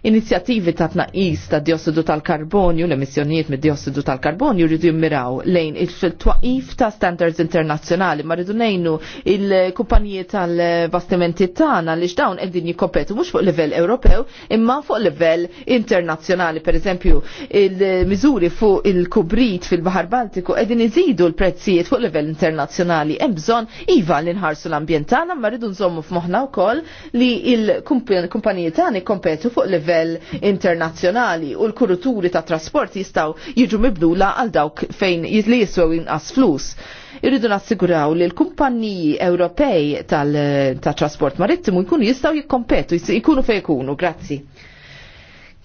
Inizjattivi ta' tnaqis ta' diossidu tal-karbonju, l-emissjonijiet mid diossidu tal-karbonju rridu jimmiraw lejn il-twaqif ta' standards internazzjonali, ma rridu nejnu il-kumpaniji tal-bastimenti tagħna li x'dawn qegħdin jikkompetu mhux fuq livell Ewropew imma fuq livell internazzjonali. Per eżempju, il-miżuri fuq il-kubrit fil-Baħar Baltiku qegħdin iżidu l-prezzijiet fuq livell internazzjonali. Hemm bżonn iva li nħarsu l-ambjent tagħna, ma rridu nżommu f'moħħna wkoll li il-kumpaniji tagħna jkompetu fuq level livell internazzjonali u l-kuruturi ta' trasport jistaw jiġu mibdula għal dawk fejn li jiswew inqas flus. Irridu nassiguraw li l-kumpanniji Ewropej tal-trasport marittimu jkunu jistaw jikkompetu, jkunu fej jkunu, grazzi.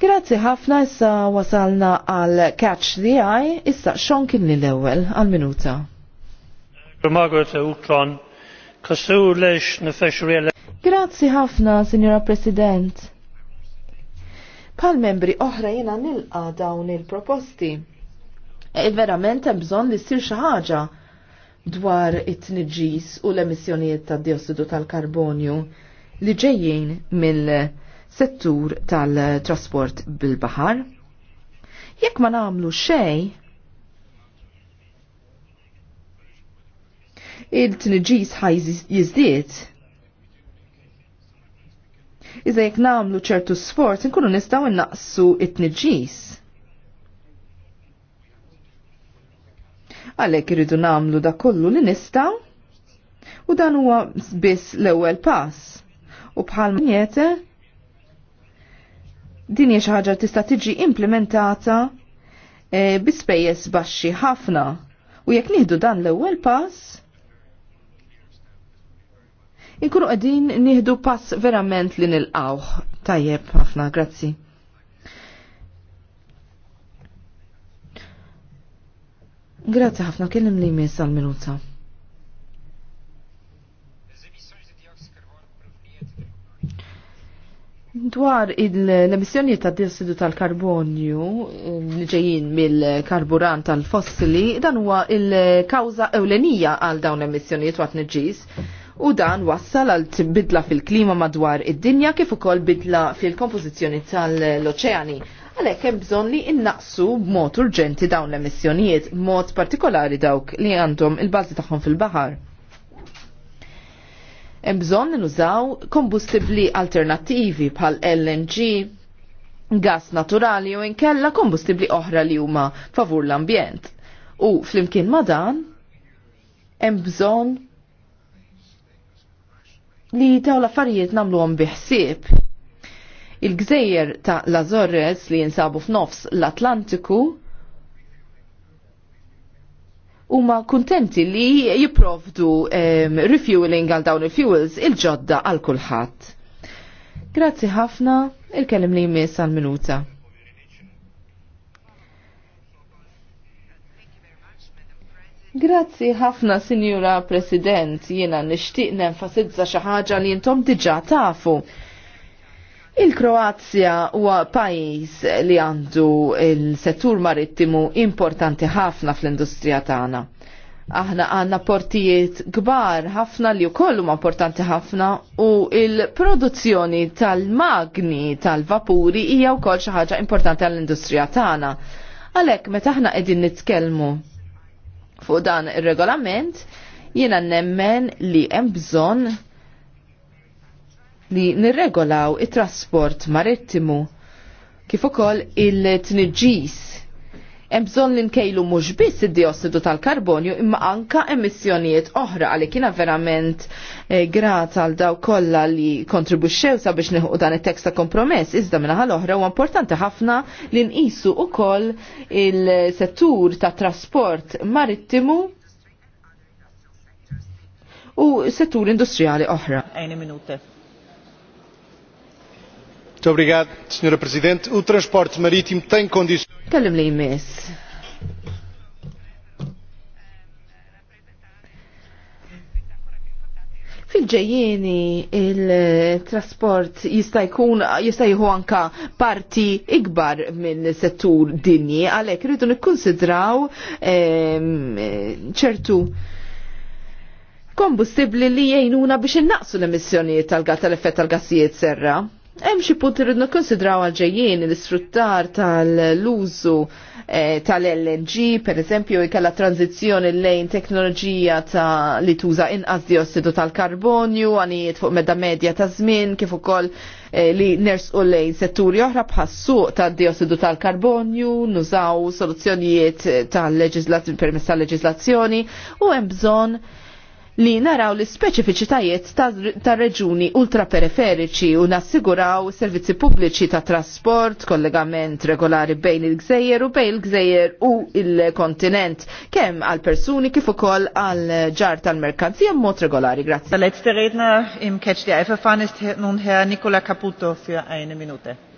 Grazzi ħafna issa wasalna għal Catch the Eye, issa xon kien l-ewel għal minuta. Uh, grazzi ħafna, Signora President. Pal membri oħra jena nilqa dawn il-proposti. E, verament hemm bżonn li ssir xi ħaġa dwar it-tniġis u l-emissjonijiet ta' diossidu tal-karbonju li ġejjin mill-settur tal-trasport bil baħar Jekk ma nagħmlu xejn, il-tniġis ħaj jizdiet iżda jekk nagħmlu ċertu sforz inkunu nistgħu innaqsu it-tniġġis. Għalhekk irridu nagħmlu da kollu li nistgħu u dan huwa biss l-ewwel pass. U bħal minjete, din hija xi ħaġa tista' tiġi implementata e, bi baxxi ħafna. U jekk nieħdu dan l-ewwel pass, Ikunu għedin nieħdu pass verament li nil nilqawh. Tajjeb, ħafna, grazzi. Grazzi ħafna, kellim li jmiss għal-minuta. Dwar l-emissjoni ta' diossidu tal-karbonju um, li ġejjin mill-karburant tal-fossili, dan huwa il kawza ewlenija għal dawn l emissjoni waqt niġġis u dan wassal għal bidla fil-klima madwar id-dinja kif ukoll bidla fil-kompożizzjoni tal-oċeani għalhekk hemm bżonn li innaqsu b'mod urġenti dawn l-emissjonijiet, mod partikolari dawk li għandhom il-bażi tagħhom fil-baħar. Hemm bżonn nużaw kombustibbli alternattivi bħal LNG, gas naturali u inkella kombustibbli oħra li huma favur l-ambjent. U flimkien ma dan hemm bżonn li daw l-affarijiet għom biħsib. Il-gżejjer ta' Lazorres li jinsabu f'nofs l-Atlantiku huma kuntenti li jipprovdu um, refueling għal dawn il-fuels il-ġodda għal kulħadd. Grazzi ħafna, il-kellim li jmiss għal minuta. Grazzi ħafna, Sinjura President, jiena nixtieq nenfasizza xi ħaġa li intom diġà tafu. Il-Kroazja huwa pajjiż li għandu il-settur marittimu importanti ħafna fl-industrija tagħna. Aħna għandna portijiet kbar ħafna li wkoll huma importanti ħafna u il-produzzjoni tal-magni tal-vapuri hija wkoll xi ħaġa importanti għall-industrija tagħna. Għalhekk meta aħna qegħdin nitkellmu fuq dan ir-regolament, jiena nemmen li hemm bżonn li nirregolaw it-trasport marittimu kif ukoll il-tniġġis hemm bżonn li nkejlu mhux biss id-diossidu tal-karbonju imma anka emissjonijiet oħra għalli kiena verament eh, grat għal daw kollha li kontribwixxew sabiex nieħu dan it text ta' kompromess iżda minnaħa l-oħra huwa importanti ħafna li nqisu ukoll il-settur ta' trasport marittimu u settur industrijali oħra. Muito obrigado, Sr. Presidente. O transporte marítimo tem condições. Kellim li jmiss. Fil-ġejjeni il-trasport jista' jkun jista' jieħu anka parti ikbar minn settur dinji għalhekk rridu nikkunsidraw ehm, ċertu kombustibli li jgħinuna biex innaqsu l-emissjonijiet tal-gas tal-effett tal-gassijiet serra. Hemm xi punti rridna konsidraw għal-ġejjien l-isfruttar tal-użu eh, tal-LNG, per eżempju, ikella tranzizjoni lejn teknoloġija ta' li tuża inqas diossidu tal-karbonju, għanijiet fuq medda medja ta' żmien, kif ukoll eh, li li nersqu lejn setturi oħra bħas ta' diossidu tal-karbonju, nużaw soluzzjonijiet tal leġizlazzjoni permess tal-leġislazzjoni u hemm bżonn li naraw l-speċifiċitajiet ta' reġuni ultraperiferiċi u nassiguraw servizzi pubbliċi ta' trasport, kollegament regolari bejn il-gżejjer u bejn il-gżejjer u il-kontinent, kemm għal persuni kif ukoll għal ġar tal-merkanzija mod regolari. Grazie. Der letzte im Catch the Eye Verfahren nun Herr Nicola Caputo Minute.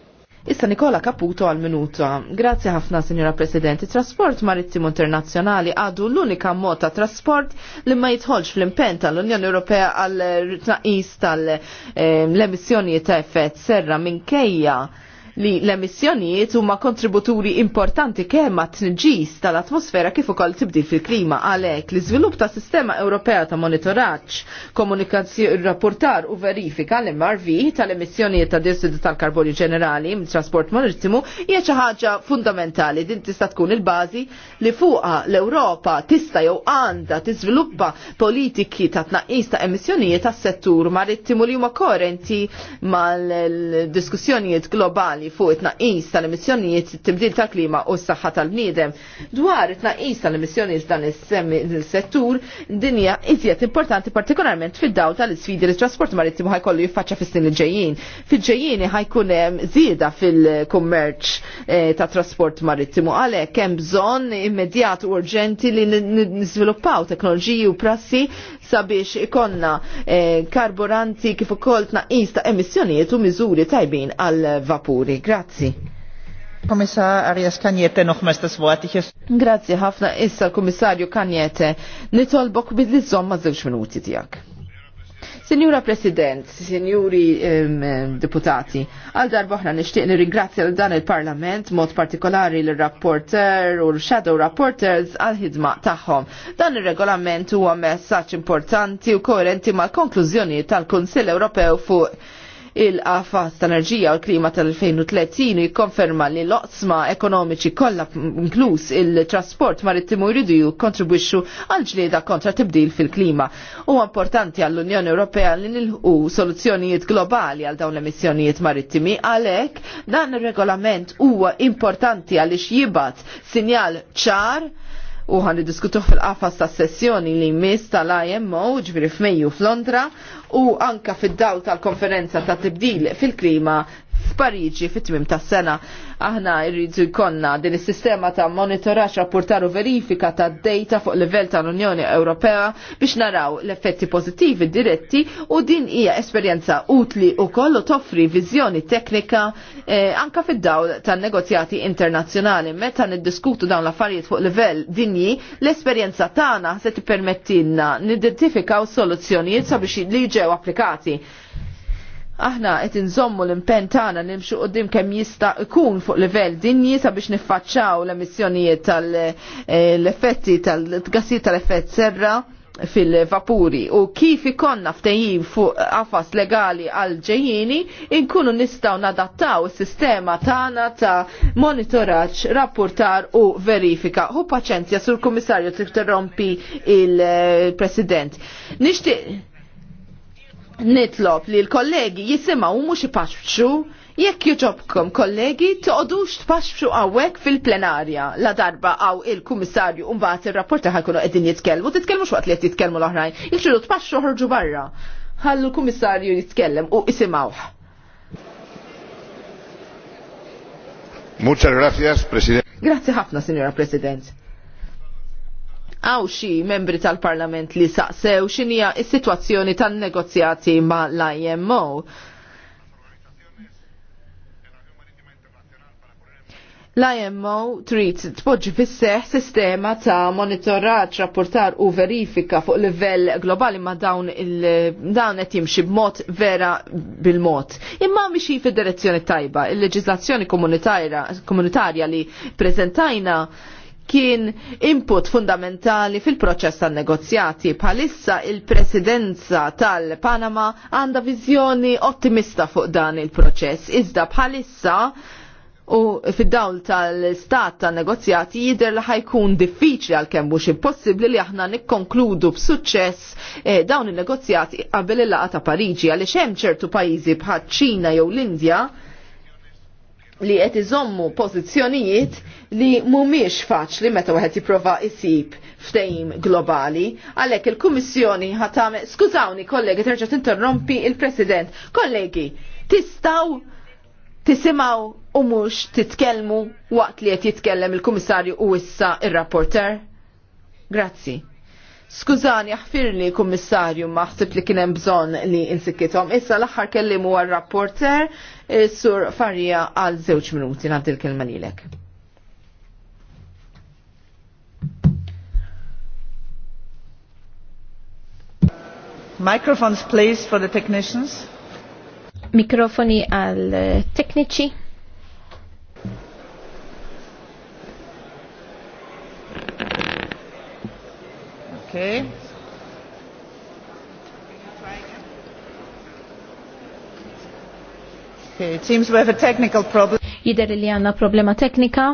Issa Nikola Caputo għal minuta. Grazzi ħafna, Signora President. Trasport marittimu internazzjonali għadu l-unika mod ta' trasport li ma jitħolx fl-impen tal-Unjoni Ewropea għal tnaqis tal-emissjonijiet eh, ta' effett serra minkejja li l-emissjonijiet huma kontributuri importanti kemm għat tniġis tal-atmosfera kif ukoll tibdil fil-klima għalhekk l-iżvilupp ta' sistema Ewropea ta' monitoraġġ, komunikazzjoni rapportar u verifika l-MRV tal-emissjonijiet ta' diossidu tal-karbonju ġenerali mit-trasport marittimu hija xi ħaġa fundamentali din tista' tkun il-bażi li fuqha l-Ewropa tista' jew għandha tiżviluppa politiki ta' tnaqqis ta' emissjonijiet tas-settur marittimu li huma koerenti mal-diskussjonijiet globali kumpanji fuq it-naqis tal-emissjonijiet tibdil tal-klima u s-saħħa tal-bniedem. Dwar it-naqis tal-emissjonijiet dan is-settur dinja iżjed importanti partikolarment fid-daw tal-isfidi li trasport marittimu ħajkollu jiffaċċa fis-snin li ġejjin. Fil-ġejjin ħajkun hemm żieda fil-kummerċ ta' trasport marittimu għalhekk hemm bżonn immedjat urġenti li nizviluppaw teknoloġiji u prassi sabiex ikonna eh, karburanti kif ukoll tnaqqis ta' emissjonijiet u miżuri tajbin għal vapuri. Grazzi. Komissar Arias Kanjete noħmes tasvuħat Grazzi ħafna issa l-Komissarju Kanjete nitolbok bidli zomma zewġ minuti tijak. Signora President, um, Deputati, għal darboħna nishtiq nirringrazzja l dan il-Parlament, mod partikolari l-rapporter u l-shadow rapporters għal ħidma tagħhom. Dan il-regolament huwa messaġġ importanti u koerenti mal-konklużjoni tal-Kunsill Ewropew fuq il-qafas tal-enerġija u l-klima tal-2030 u jikkonferma li l-oqsma ekonomiċi kollha inkluż il-trasport marittimu jridu jikkontribwixxu għal ġlieda kontra tibdil fil-klima. Huwa importanti għall-Unjoni Ewropea li nilħu soluzzjonijiet globali għal dawn l-emissjonijiet marittimi għalhekk dan ir-regolament huwa importanti għaliex jibgħat sinjal ċar u għan diskutu fil-qafas ta' sessjoni li mis tal-IMO ġviri f'Mejju f'Londra u anka fid-dawl tal-konferenza ta' tibdil fil-klima f'Pariġi fit-tmim tas-sena. Aħna rridu jkollna din is-sistema ta' monitoraġġ rapportar u verifika ta' data fuq livell tal-Unjoni Ewropea biex naraw l-effetti pożittivi diretti u din hija esperjenza utli u kollu toffri viżjoni teknika eh, anka fid-dawl tan-negozjati internazzjonali. Meta niddiskutu dawn l-affarijiet fuq livell dinji, l-esperjenza tagħna se tippermettilna nidentifikaw soluzzjonijiet sabiex li ġew applikati aħna qed inżommu l-impenn tagħna nimxu qudiem kemm jista' ikun fuq livell dinji sabiex niffaċċaw l-emissjonijiet tal-effetti eh, tal-gassijiet tal-effett serra fil-vapuri u kif ikonna ftejjin fuq qafas legali għal ġejjini inkunu nistaw nadattaw is-sistema tagħna ta' monitoraġġ, rapportar u verifika. Hu paċenzja sur kummissarju trid terrompi il-President. Nixtieq nitlob li l-kollegi jisimaw mux paċċu jekk joġobkom kollegi toqdux tpaxxu għawek fil-plenarja la darba għaw il-kummissarju unbat il-rapporta ħakunu għedin jitkelmu, titkelmu xwaqt li jitkelmu l-oħrajn, jikxilu tpaxxu ħorġu barra. Ħallu l-kummissarju jitkellem u isimawħ. Muchas gracias, President. Grazie ħafna, Signora President għaw xi membri tal-Parlament li saqsew x'inija s-sitwazzjoni tan-negozjati ma' l-IMO. L-IMO trid tpoġġi fis-seħ sistema ta' monitorat, rapportar u verifika fuq livell globali ma' dawn il-dawn qed jimxi b'mod vera bil-mod. Imma mixi fid-direzzjoni tajba, il-leġiżlazzjoni komunitarja li preżentajna kien input fundamentali fil-proċess tan negozjati bħalissa il-presidenza tal-Panama għanda viżjoni ottimista fuq dan il-proċess. Iżda bħalissa u fid-dawl tal-stat tan negozjati jider li ħajkun diffiċli għal kemm mhux impossibbli li aħna nikkonkludu b'suċċess eh, dawn in-negozjati qabel il-laqgħa ta' Pariġi għaliex hemm ċertu pajjiżi bħal Ċina jew l-Indja li qed iżommu pożizzjonijiet li mhumiex faċli meta wieħed jipprova jsib ftehim globali, għalhekk il-Kummissjoni tagħmel skużawni kollegi terġa' tinterrompi il-President. Kollegi, tistgħu tisimaw u mhux titkellmu waqt li qed jitkellem il-Kummissarju u issa ir-rapporter? Grazzi. Skużani, ħfirni kummissarju maħsib li kienem bżon li insikkitom. Issa l-axħar kellim huwa rapporter eh, sur Farija għal żewġ minuti nagħti l-kelma lilek. Microphones please for the technicians. Mikrofoni għal eh, tekniċi. Okay. Okay, it seems we have a technical problem. Jider li għanna problema teknika.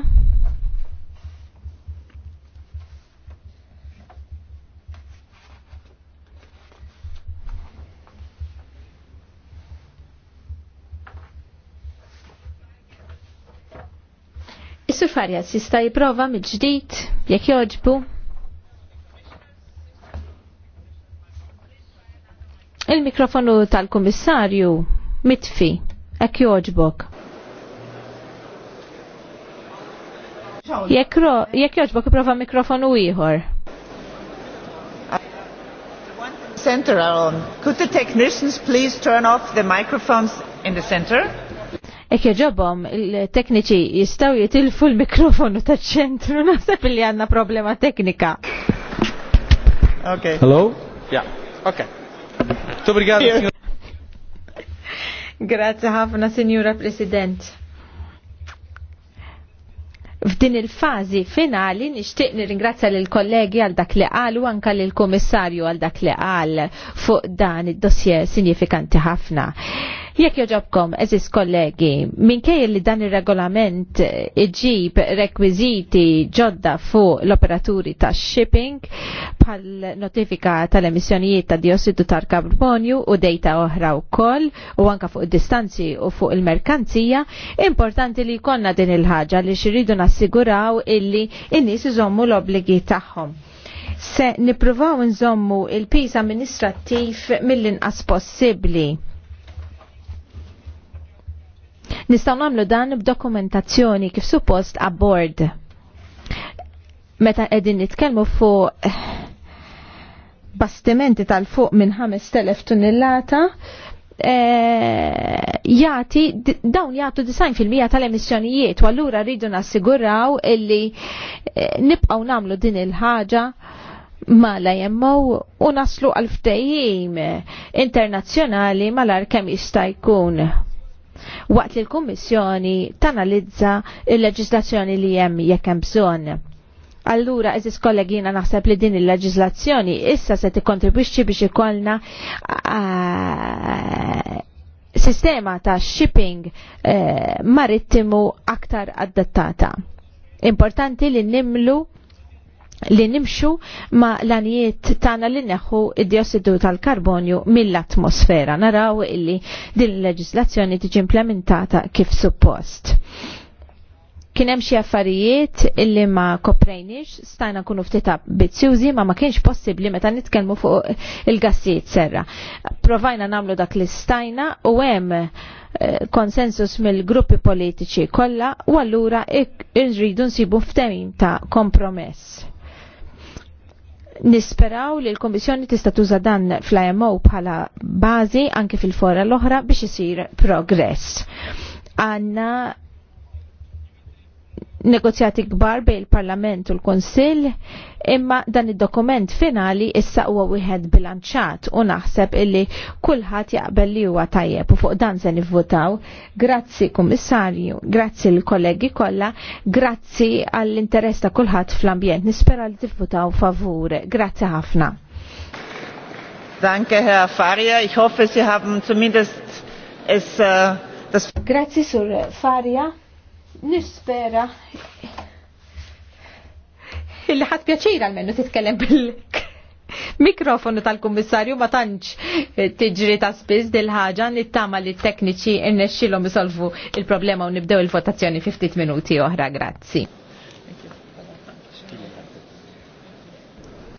Is-sufarja sista jiprova mill ġdijt jek joġbu. Il-mikrofonu tal-Kummissarju mitfi, ek joġbok. Jekk joġbok prova mikrofonu ieħor. Center on. Could the technicians please turn off the microphones in the center? Ek joġbom, il-tekniċi jistaw jitilfu l-mikrofonu ta' ċentru, nasab li għanna problema teknika. Okay. Hello? Yeah. Okay. Grazie ħafna, Signora President. F'din il-fazi finali nixtieq nirringrazzja lil kollegi għal dak li qal u anka lil kummissarju għal dak li qal fuq dan id-dossier sinifikanti ħafna. Jekk joġobkom, eżis kollegi, minkej li dan il-regolament iġib rekwiziti ġodda fuq l-operaturi ta' shipping bħal notifika tal-emissjonijiet ta' diossidu tal-karbonju u dejta oħra u koll u anka fuq distanzi u fuq il-merkanzija, importanti li konna din il-ħagġa li xiridu nassiguraw illi innis nies iżommu l-obligi tagħhom se nipruvaw nżommu il-pis amministrattiv mill-inqas possibbli. Nistgħu nagħmlu dan b'dokumentazzjoni kif suppost abbord. Meta qegħdin nitkellmu fuq bastimenti tal-fuq minn 5000 tunnellata, eh, jati, dawn jagħtu 90% tal-emissjonijiet, u allura rridu nassiguraw illi e, nibqgħu nagħmlu din il ħaġa ma la jemmow u naslu għal ftehim internazzjonali ma ar kemm jista' jkun waqt li l-Kummissjoni tanalizza il-leġislazzjoni li hemm jekk hemm bżonn. Allura, eżis kollegina naħseb li din il-leġislazzjoni issa se tikkontribwixxi biex ikollna sistema ta' shipping eh, marittimu aktar adattata. Importanti li nimlu li nimxu ma l-anijiet tana li neħu id-diossidu tal-karbonju mill-atmosfera. Naraw illi din l-leġislazzjoni tiġi implementata kif suppost. Kien hemm xi affarijiet illi ma koprejniex, stajna kunu ftit ambizzjużi ma ma kienx possibbli meta nitkellmu fuq il-gassijiet serra. Provajna nagħmlu dak li stajna u hemm eh, konsensus mill-gruppi politiċi kollha u allura irridu nsibu ftehim ta' kompromess nisperaw li l-Komissjoni tista' tuża dan fl-IMO bħala bażi anke fil-fora l-oħra biex isir progress. Għanna negozjati kbar bejn il-Parlament u l konsil imma dan id-dokument finali issa huwa wieħed bilanċat u naħseb illi kulħadd jaqbel li huwa tajjeb u fuq dan se nivvotaw. Grazzi Kummissarju, grazzi l-kollegi kollha, grazzi għall-interess ta' kulħadd fl-ambjent. Nispera li tivvotaw favur. Grazzi ħafna. Danke Herr Faria, ich hoffe Sie haben zumindest es uh, das Grazie Sur Faria nispera illi ħadd pjaċir għalmenu titkellem bil mikrofonu tal-kummissarju ma tantx tiġri ta' spiz dil-ħaġa nittama li t-tekniċi irnexxilhom isolvu il-problema u nibdew il-votazzjoni fi ftit minuti oħra, grazzi.